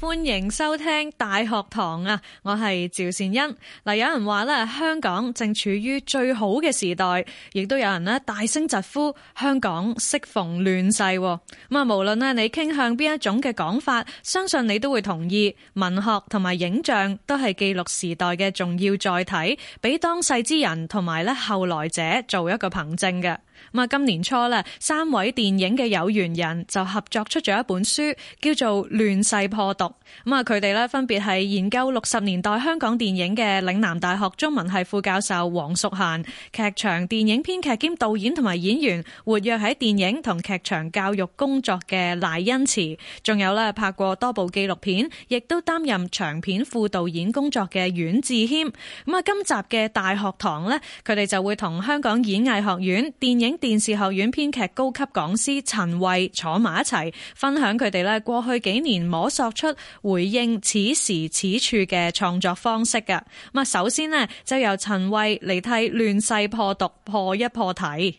歡迎收聽大學堂啊！我係趙善恩。嗱，有人話咧，香港正處於最好嘅時代，亦都有人咧大聲疾呼香港適逢亂世。咁啊，無論咧你傾向邊一種嘅講法，相信你都會同意，文學同埋影像都係記錄時代嘅重要載體，俾當世之人同埋咧後來者做一個憑證嘅。咁啊，今年初咧，三位電影嘅有緣人就合作出咗一本書，叫做《亂世破讀》。咁啊，佢哋呢分別係研究六十年代香港電影嘅嶺南大學中文系副教授黃淑嫻，劇場電影編劇兼導演同埋演員，活躍喺電影同劇場教育工作嘅賴恩慈，仲有呢拍過多部紀錄片，亦都擔任長片副導演工作嘅阮智謙。咁啊，今集嘅大學堂呢，佢哋就會同香港演藝學院電影電視學院編劇高級講師陳慧坐埋一齊，分享佢哋呢過去幾年摸索出。回應此時此處嘅創作方式嘅，咁啊，首先呢，就由陳慧嚟替亂世破讀破一破題。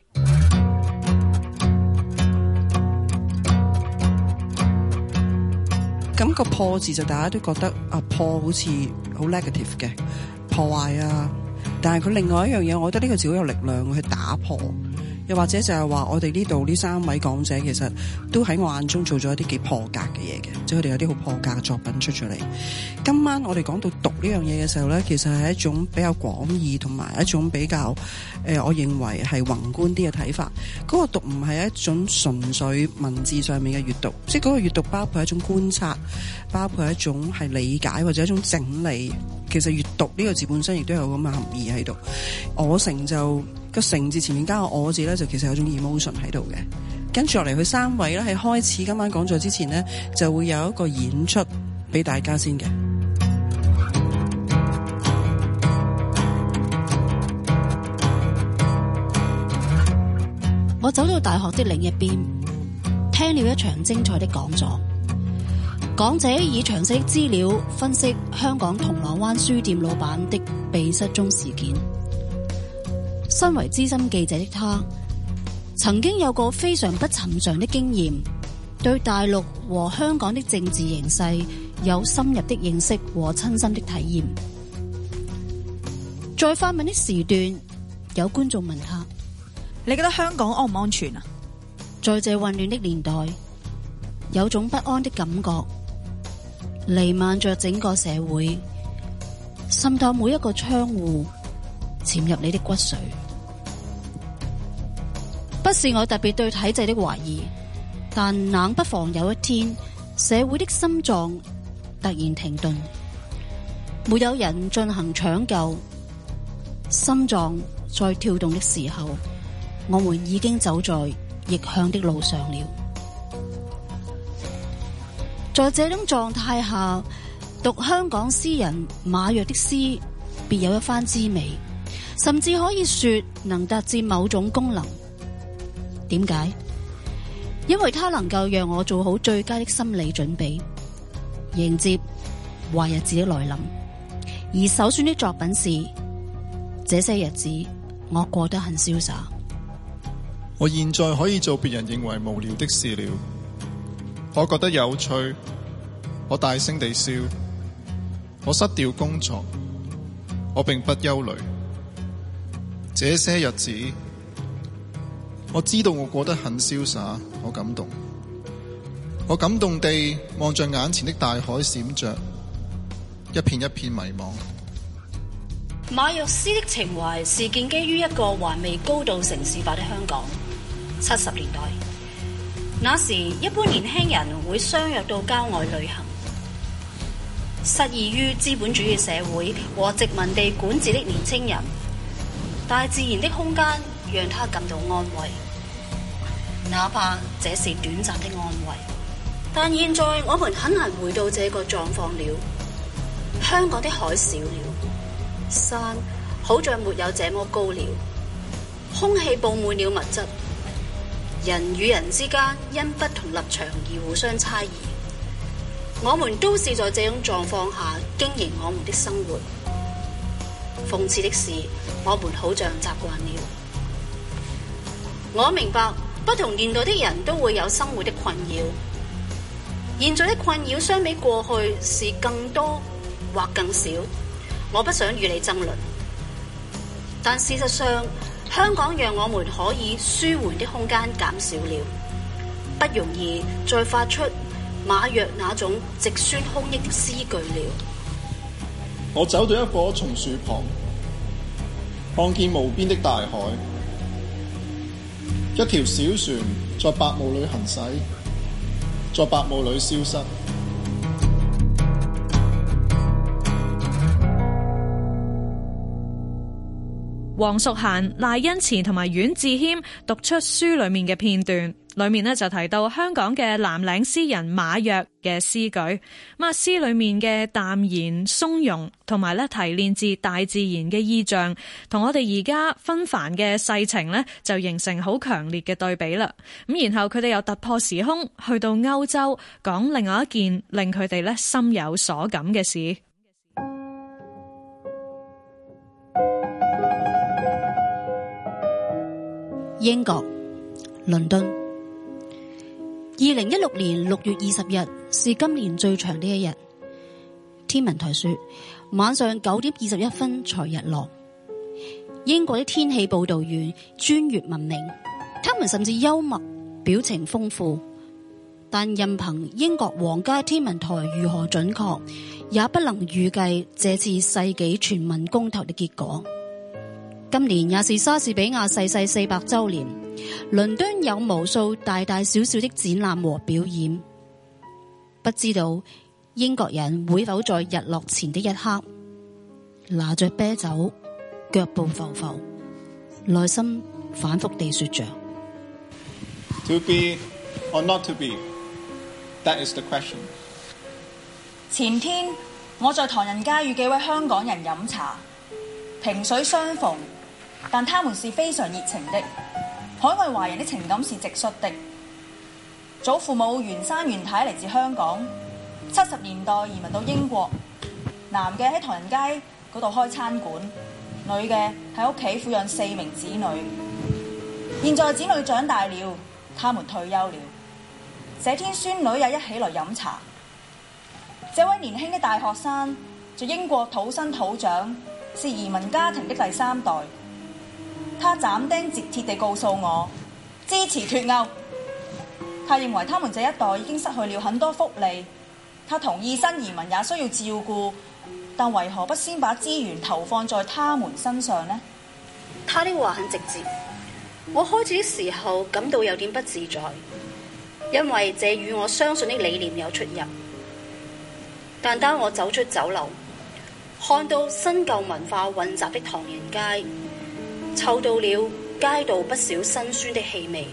咁個破字就大家都覺得啊，破好似好 negative 嘅破壞啊，但係佢另外一樣嘢，我覺得呢個字好有力量去打破。又或者就係話，我哋呢度呢三位講者其實都喺我眼中做咗一啲幾破格嘅嘢嘅，即係佢哋有啲好破格嘅作品出咗嚟。今晚我哋講到讀呢樣嘢嘅時候咧，其實係一種比較廣義同埋一種比較，誒，我認為係宏觀啲嘅睇法。嗰個讀唔係一種純粹文字上面嘅閱讀，即係嗰個閱讀包括一種觀察，包括一種係理解或者一種整理。其實閱讀呢個字本身亦都有咁嘅含義喺度。我成就。個城字前面加個我字咧，就其實有種 emotion 喺度嘅。跟住落嚟，佢三位咧喺開始今晚講座之前呢，就會有一個演出俾大家先嘅。我走到大學的另一邊，聽了一場精彩的講座。講者以詳細的資料分析香港銅鑼灣書店老闆的被失蹤事件。身為資深記者的他，曾經有個非常不尋常的經驗，對大陸和香港的政治形勢有深入的認識和親身的體驗。在發問的時段，有觀眾問他：你覺得香港安唔安全啊？在這混亂的年代，有種不安的感覺彌漫着整個社會，滲透每一個窗戶，潛入你的骨髓。不是我特別對體制的懷疑，但冷不防有一天，社會的心臟突然停頓，沒有人進行搶救，心臟在跳動的時候，我們已經走在逆向的路上了。在這種狀態下，讀香港詩人馬若的詩，別有一番滋味，甚至可以說能達至某種功能。點解？因為他能夠讓我做好最佳的心理準備，迎接壞日子的來臨。而首選的作品是：這些日子我過得很瀟灑。我現在可以做別人認為無聊的事了。我覺得有趣，我大聲地笑，我失掉工作，我並不憂慮。這些日子。我知道我過得很瀟灑。我感動，我感動地望着眼前的大海閃着一片一片迷茫。馬約斯的情懷是建基於一個還未高度城市化的香港，七十年代。那時一般年輕人會相約到郊外旅行，失意於資本主義社會和殖民地管治的年輕人，大自然的空間。讓他感到安慰，哪怕這是短暫的安慰。但現在我們很難回到這個狀況了。香港的海少了，山好像沒有這麼高了，空氣佈滿了物質，人與人之間因不同立場而互相猜疑。我們都是在這種狀況下經營我們的生活。諷刺的是，我們好像習慣了。我明白，不同年代的人都會有生活的困擾。現在的困擾相比過去是更多或更少。我不想與你爭論，但事實上，香港讓我們可以舒緩的空間減少了，不容易再發出馬若那種直抒胸臆的詩句了。我走到一棵松樹旁，看見無邊的大海。一條小船在白霧裏行駛，在白霧裏消失。黃淑嫻、賴恩慈同埋阮智謙讀出書裡面嘅片段。裏面呢就提到香港嘅藍領詩人馬若嘅詩句，咁啊詩裏面嘅淡然鬆容，同埋咧提煉自大自然嘅意象，同我哋而家紛繁嘅世情呢就形成好強烈嘅對比啦。咁然後佢哋又突破時空，去到歐洲講另外一件令佢哋咧心有所感嘅事。英國，倫敦。二零一六年六月二十日是今年最長的一日。天文台說，晚上九點二十一分才日落。英國的天氣報道員專業聞名，他們甚至幽默，表情豐富。但任憑英國皇家天文台如何準確，也不能預計這次世紀全民公投的結果。今年也是莎士比亞逝世四百週年，倫敦有無數大大小小的展覽和表演。不知道英國人會否在日落前的一刻，拿着啤酒，腳步浮浮，內心反覆地說着：To be or not to be, that is the question。前天我在唐人街與幾位香港人飲茶，萍水相逢。但他們是非常熱情的。海外華人的情感是直率的。祖父母袁生袁太嚟自香港，七十年代移民到英國，男嘅喺唐人街嗰度開餐館，女嘅喺屋企撫養四名子女。現在子女長大了，他們退休了。這天孫女也一起來飲茶。這位年輕的大學生在英國土生土長，是移民家庭的第三代。他斬釘截鐵地告訴我支持脫歐。他認為他們這一代已經失去了很多福利。他同意新移民也需要照顧，但為何不先把資源投放在他們身上呢？他的話很直接。我開始的時候感到有點不自在，因為這與我相信的理念有出入。但當我走出酒樓，看到新舊文化混雜的唐人街，嗅到了街道不少辛酸的氣味，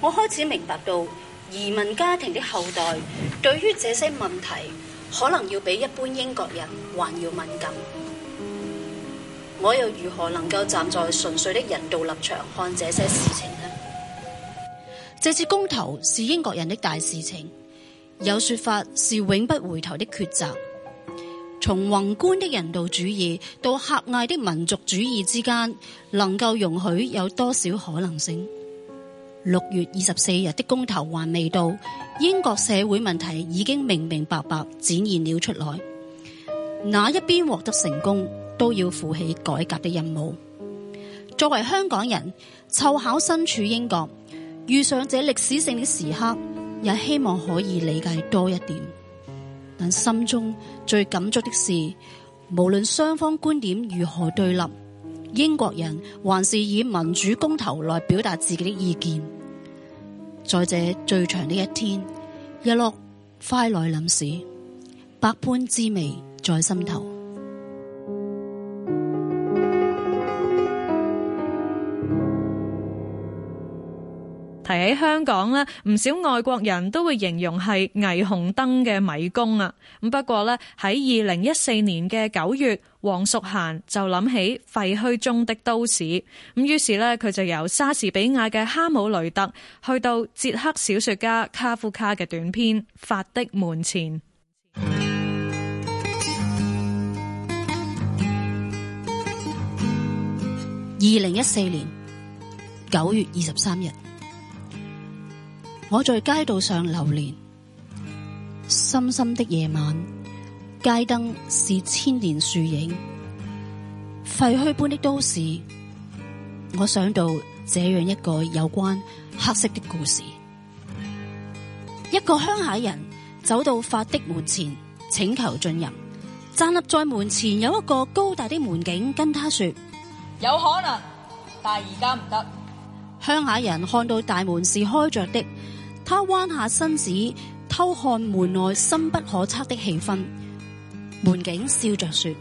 我開始明白到移民家庭的後代對於這些問題，可能要比一般英國人還要敏感。我又如何能夠站在純粹的人道立場看這些事情呢？這次公投是英國人的大事情，有說法是永不回頭的抉擇。從宏觀的人道主義到狹隘的民族主義之間，能夠容許有多少可能性？六月二十四日的公投還未到，英國社會問題已經明明白白展現了出來。哪一邊獲得成功，都要負起改革的任務。作為香港人，湊巧身處英國，遇上這歷史性的時刻，也希望可以理解多一點。但心中最感觸的是，無論雙方觀點如何對立，英國人還是以民主公投來表達自己的意見。在這最長的一天，日落快來臨時，百般滋味在心頭。喺香港咧，唔少外國人都會形容係霓虹燈嘅迷宮啊！咁不過咧，喺二零一四年嘅九月，黃淑嫻就諗起廢墟中的都市，咁於是咧，佢就由莎士比亞嘅《哈姆雷特》去到捷克小說家卡夫卡嘅短篇《法的門前》。二零一四年九月二十三日。我在街道上流連，深深的夜晚，街燈是千年樹影，廢墟般的都市。我想到這樣一個有關黑色的故事：一個鄉下人走到法的門前，請求進入。站立在門前有一個高大的門警跟他說：有可能，但而家唔得。鄉下人看到大門是開着的。他彎下身子偷看門外深不可測的氣氛。門警笑着說：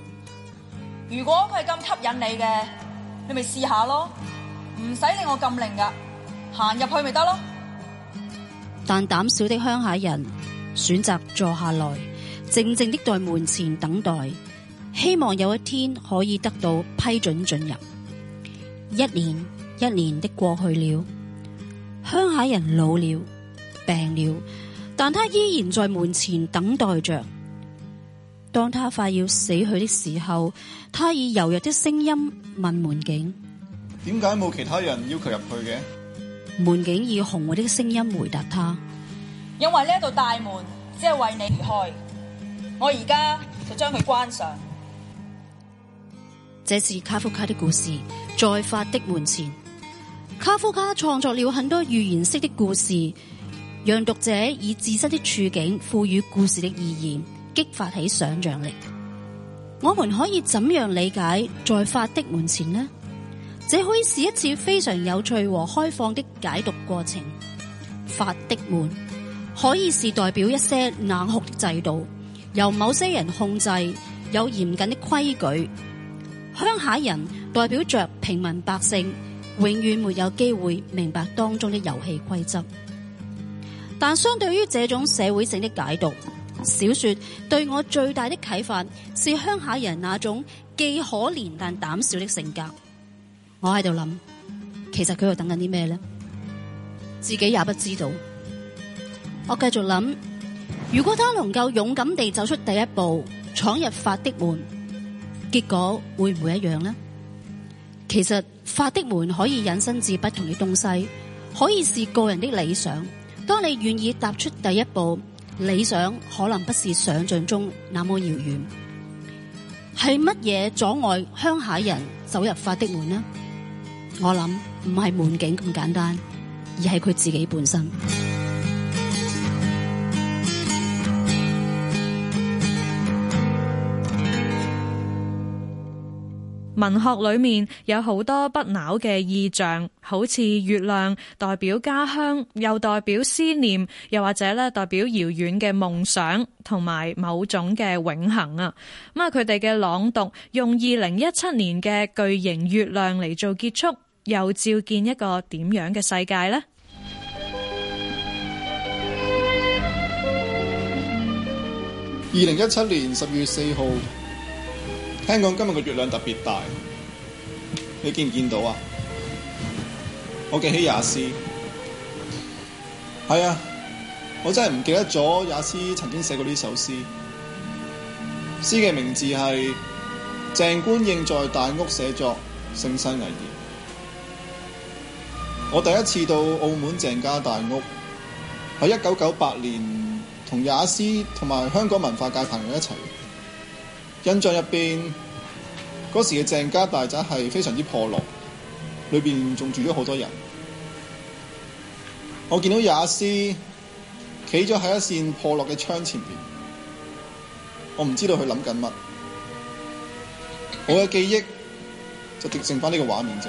如果佢係咁吸引你嘅，你咪試下咯，唔使令我咁靈噶，行入去咪得咯。但膽小的鄉下人選擇坐下來，靜靜的在門前等待，希望有一天可以得到批准進入。一年一年的過去了，鄉下人老了。病了，但他依然在門前等待着。當他快要死去的時候，他以柔弱的聲音問門警：點解冇其他人要求入去嘅？門警以雄偉的聲音回答他：因為呢一道大門只係為你而開，我而家就將佢關上。這是卡夫卡的故事，《在法的門前》。卡夫卡創作了很多寓言式的故事。讓讀者以自身的處境賦予故事的意義，激發起想象力。我們可以怎樣理解在法的門前呢？這可以是一次非常有趣和開放的解讀過程。法的門可以是代表一些冷酷的制度，由某些人控制，有嚴謹的規矩。鄉下人代表着平民百姓，永遠沒有機會明白當中的遊戲規則。但相對於這種社會性的解讀，小説對我最大的啟發是鄉下人那種既可憐但膽小的性格。我喺度諗，其實佢喺度等緊啲咩呢？自己也不知道。我繼續諗，如果他能夠勇敢地走出第一步，闖入法的門，結果會唔會一樣呢？其實法的門可以引申至不同的東西，可以是個人的理想。當你願意踏出第一步，理想可能不是想像中那麼遙遠。係乜嘢阻礙鄉下人走入法的門呢？我諗唔係門景咁簡單，而係佢自己本身。文學裏面有好多不朽嘅意象，好似月亮代表家鄉，又代表思念，又或者咧代表遙遠嘅夢想，同埋某種嘅永恒啊！咁啊，佢哋嘅朗讀用二零一七年嘅巨型月亮嚟做結束，又照見一個點樣嘅世界呢？二零一七年十月四號。聽講今日嘅月亮特別大，你見唔見到啊？我記起也斯，係啊，我真係唔記得咗也斯曾經寫過呢首詩，詩嘅名字係鄭觀應在大屋寫作《盛世危言》。我第一次到澳門鄭家大屋，喺一九九八年，同也斯同埋香港文化界朋友一齊。印象入邊，嗰時嘅鄭家大宅係非常之破落，裏邊仲住咗好多人。我見到也斯企咗喺一扇破落嘅窗前邊，我唔知道佢諗緊乜。我嘅記憶就跌剩翻呢個畫面啫。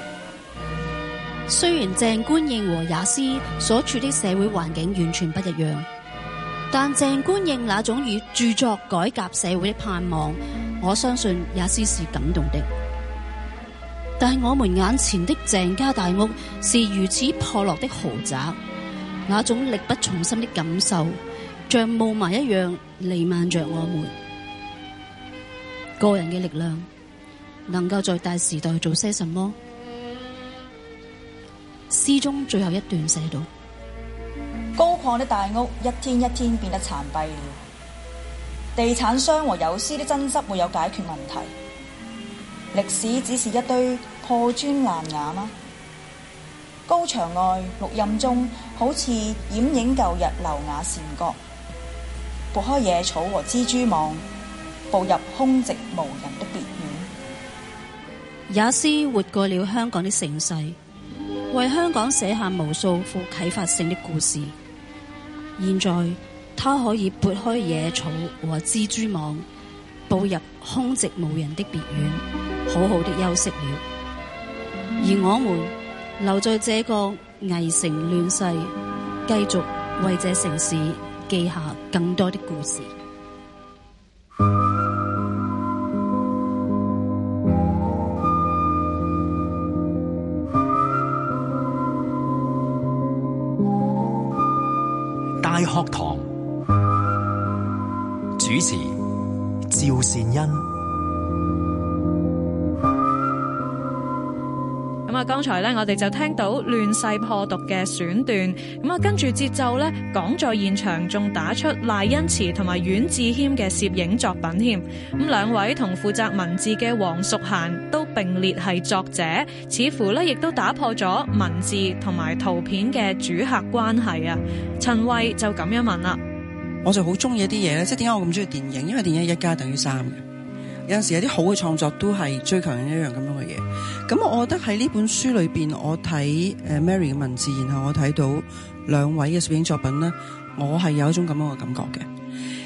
雖然鄭觀應和也斯所處的社會環境完全不一樣。但鄭觀應那種以著作改革社會的盼望，我相信也絲是感動的。但係我們眼前的鄭家大屋是如此破落的豪宅，那種力不從心的感受，像霧霾一樣彌漫着我們。個人嘅力量能夠在大時代做些什麼？詩中最後一段寫到。曠的大屋一天一天變得殘敝了，地產商和有司的爭執沒有解決問題，歷史只是一堆破磚爛瓦嗎？高牆外綠蔭中，好似掩映舊日流瓦善角，撥開野草和蜘蛛網，步入空寂無人的別院，也斯活過了香港的盛世，為香港寫下無數富啟發性的故事。現在，他可以撥開野草和蜘蛛網，步入空寂無人的別院，好好的休息了。而我們留在這個危城亂世，繼續為這城市記下更多的故事。 學堂主持：趙善恩。剛才咧，我哋就聽到《亂世破讀》嘅選段，咁啊，跟住節奏咧，講座現場仲打出賴恩慈同埋阮智謙嘅攝影作品添，咁兩位同負責文字嘅黃淑嫻都並列係作者，似乎咧亦都打破咗文字同埋圖片嘅主客關係啊！陳慧就咁樣問啦：我就好中意一啲嘢，即係點解我咁中意電影？因為電影一加等於三有陣時有啲好嘅創作都係追求呢一樣咁樣嘅嘢，咁我覺得喺呢本書裏邊，我睇誒 Mary 嘅文字，然後我睇到兩位嘅攝影作品咧，我係有一種咁樣嘅感覺嘅。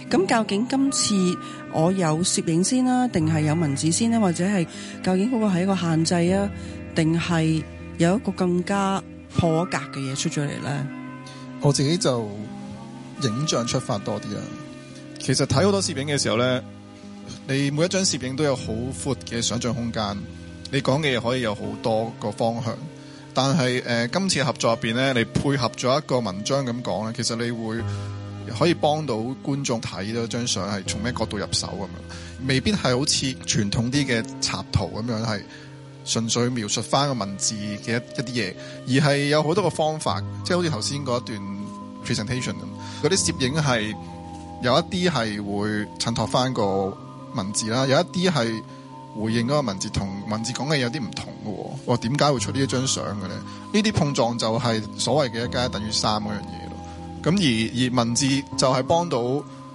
咁究竟今次我有攝影先啦、啊，定係有文字先呢、啊？或者係究竟嗰個係一個限制啊，定係有一個更加破格嘅嘢出咗嚟咧？我自己就影像出發多啲啊。其實睇好多攝影嘅時候咧。你每一張攝影都有好闊嘅想象空間，你講嘅嘢可以有好多個方向，但係誒、呃、今次合作入邊呢，你配合咗一個文章咁講咧，其實你會可以幫到觀眾睇到張相係從咩角度入手咁樣，未必係好似傳統啲嘅插圖咁樣係純粹描述翻個文字嘅一啲嘢，而係有好多個方法，即係好似頭先嗰段 presentation 嗰啲攝影係有一啲係會襯托翻個。文字啦，有一啲係回應嗰個文字，同文字講嘅有啲唔同嘅喎。我點解會出呢一張相嘅咧？呢啲碰撞就係所謂嘅一加一等於三嗰樣嘢咯。咁而而文字就係幫到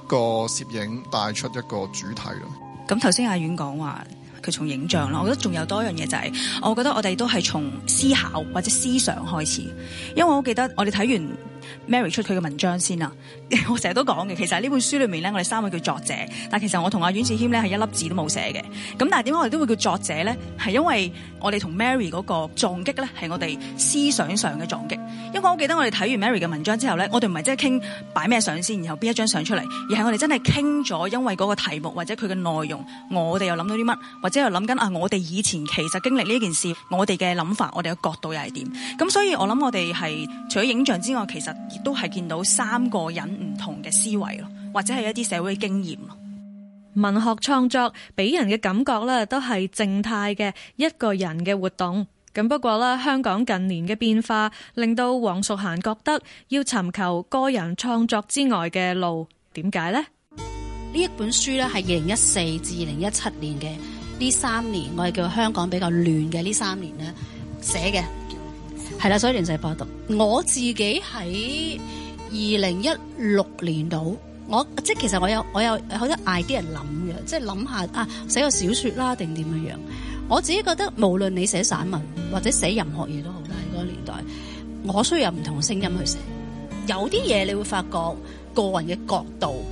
個攝影帶出一個主題咯。咁頭先阿遠講話，佢從影像啦，我覺得仲有多一樣嘢就係，我覺得我哋都係從思考或者思想開始。因為我記得我哋睇完。Mary 出佢嘅文章先啦，啊， 我成日都講嘅，其實呢本書裏面咧，我哋三位叫作者，但其實我同阿阮智謙咧係一粒字都冇寫嘅。咁但係點解我哋都會叫作者咧？係因為我哋同 Mary 嗰個撞擊咧，係我哋思想上嘅撞擊。因為我記得我哋睇完 Mary 嘅文章之後咧，我哋唔係即係傾擺咩相先，然後邊一張相出嚟，而係我哋真係傾咗，因為嗰個題目或者佢嘅內容，我哋又諗到啲乜，或者又諗緊啊，我哋以前其實經歷呢件事，我哋嘅諗法，我哋嘅角度又係點？咁所以我我，我諗我哋係除咗影像之外，其實。亦都係見到三個人唔同嘅思維咯，或者係一啲社會經驗咯。文學創作俾人嘅感覺咧，都係靜態嘅一個人嘅活動。咁不過咧，香港近年嘅變化令到黃淑嫻覺得要尋求個人創作之外嘅路。點解呢？呢一本書咧，係二零一四至二零一七年嘅呢三年，我哋叫香港比較亂嘅呢三年咧寫嘅。係啦，所以亂世破讀。我自己喺二零一六年度，我即係其實我有我有，好多 idea 人諗嘅，即係諗下啊，寫個小説啦，定點樣樣。我自己覺得，無論你寫散文或者寫任何嘢都好，喺嗰個年代，我需要有唔同聲音去寫。有啲嘢，你會發覺個人嘅角度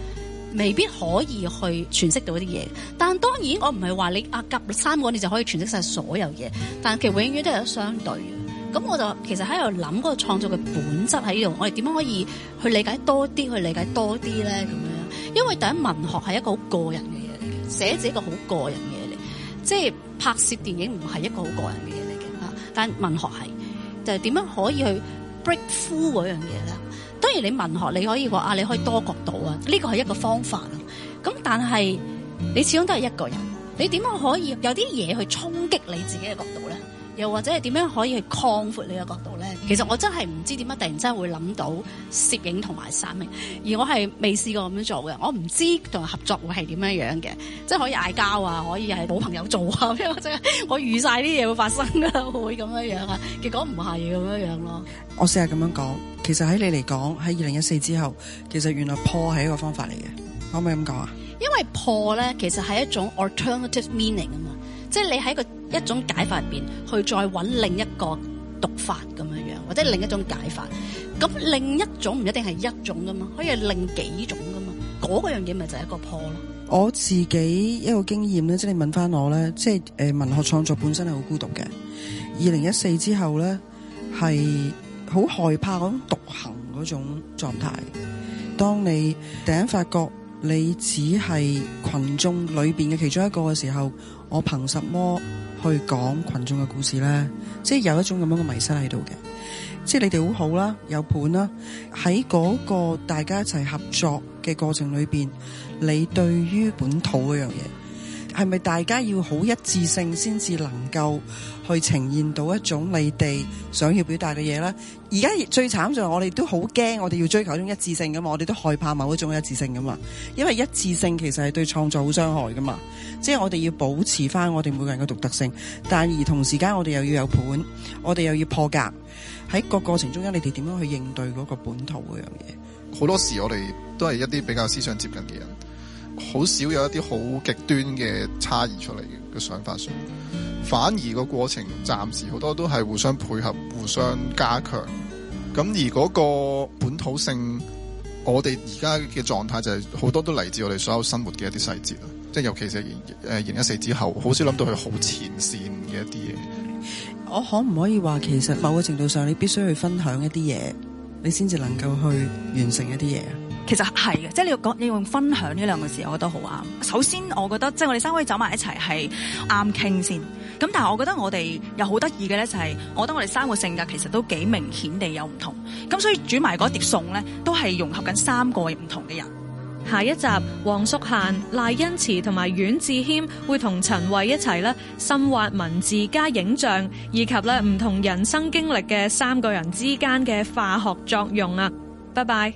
未必可以去詮釋到啲嘢，但當然我唔係話你啊，夾三個你就可以詮釋晒所有嘢，但其實永遠都係有相對嘅。咁我就其實喺度諗個創作嘅本質喺度，我哋點樣可以去理解多啲，去理解多啲咧，咁樣，因為第一文學係一個好個人嘅嘢嚟嘅，寫字一個好個人嘅嘢嚟，即係拍攝電影唔係一個好個人嘅嘢嚟嘅嚇，但文學係，就係、是、點樣可以去 break through 嗰樣嘢咧。當然你文學你可以話啊，你可以多角度啊，呢個係一個方法啊。咁但係你始終都係一個人，你點樣可以有啲嘢去衝擊你自己嘅角度？又或者係點樣可以去擴闊你嘅角度咧？其實我真係唔知點解突然之間會諗到攝影同埋散文，而我係未試過咁樣做嘅。我唔知同人合作會係點樣樣嘅，即係可以嗌交啊，可以係冇朋友做啊，或者我預晒啲嘢會發生啊，會咁樣樣啊，結果唔係咁樣樣咯。我試下咁樣講，其實喺你嚟講，喺二零一四之後，其實原來破係一個方法嚟嘅，可唔可以咁講啊？因為破咧，其實係一種 alternative meaning 啊嘛。即係你喺個一種解法入邊，去再揾另一個讀法咁樣樣，或者另一種解法。咁另一種唔一定係一種噶嘛，可以係另幾種噶嘛。嗰個樣嘢咪就係一個破咯。我自己一個經驗咧，即係你問翻我咧，即係誒文學創作本身係好孤獨嘅。二零一四之後咧，係好害怕嗰種獨行嗰種狀態。當你突然發覺你只係群眾裏邊嘅其中一個嘅時候。我憑什麼去講群眾嘅故事咧？即係有一種咁樣嘅迷失喺度嘅。即係你哋好好啦，有伴啦，喺嗰個大家一齊合作嘅過程裏邊，你對於本土嗰樣嘢，係咪大家要好一致性先至能夠去呈現到一種你哋想要表達嘅嘢呢？而家最慘就係我哋都好驚，我哋要追求一種一致性噶嘛，我哋都害怕某一種一致性噶嘛，因為一致性其實係對創作好傷害噶嘛。即係我哋要保持翻我哋每個人嘅獨特性，但而同時間我哋又要有盤，我哋又要破格喺個過程中間，你哋點樣去應對嗰個本土嘅樣嘢？好多時我哋都係一啲比較思想接近嘅人。好少有一啲好極端嘅差異出嚟嘅想法上，反而個過程暫時好多都係互相配合、互相加強。咁而嗰個本土性，我哋而家嘅狀態就係好多都嚟自我哋所有生活嘅一啲細節，即係尤其是誒二零一四之後，好少諗到佢好前線嘅一啲嘢。我可唔可以話，其實某個程度上，你必須去分享一啲嘢，你先至能夠去完成一啲嘢啊？其實係嘅，即係你要講，你要分享呢兩個字，我覺得好啱。首先我我我我有有、就是，我覺得即係我哋三位走埋一齊係啱傾先。咁但係我覺得我哋又好得意嘅咧，就係我覺得我哋三個性格其實都幾明顯地有唔同。咁所以煮埋嗰碟餸咧，都係融合緊三個唔同嘅人。下一集，黃淑嫻、賴恩慈同埋阮智謙會同陳慧一齊咧，深挖文字加影像以及咧唔同人生經歷嘅三個人之間嘅化學作用啊！拜拜。